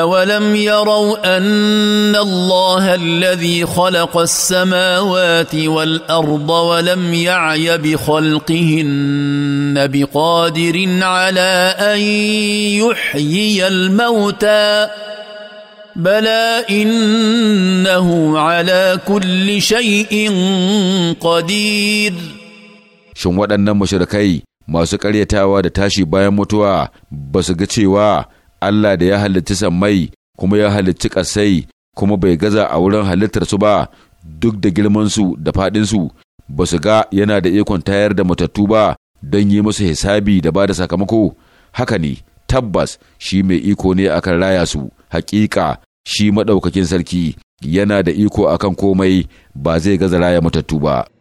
أولم يروا أن الله الذي خلق السماوات والأرض ولم يعي بخلقهن بقادر على أن يحيي الموتى بلى إنه على كل شيء قدير شن أن مشركي ما ƙaryatawa da tashi bayan بس ba Allah da ya halitti sammai kuma ya halitti ƙasai kuma bai gaza a wurin halittar su ba duk da girman su da faɗinsu ba su ga yana da ikon tayar da matattu ba don yi musu hisabi da ba da sakamako haka ne tabbas shi mai iko ne akan raya su hakika shi maɗaukakin sarki yana da iko akan komai ba zai gaza raya matattu ba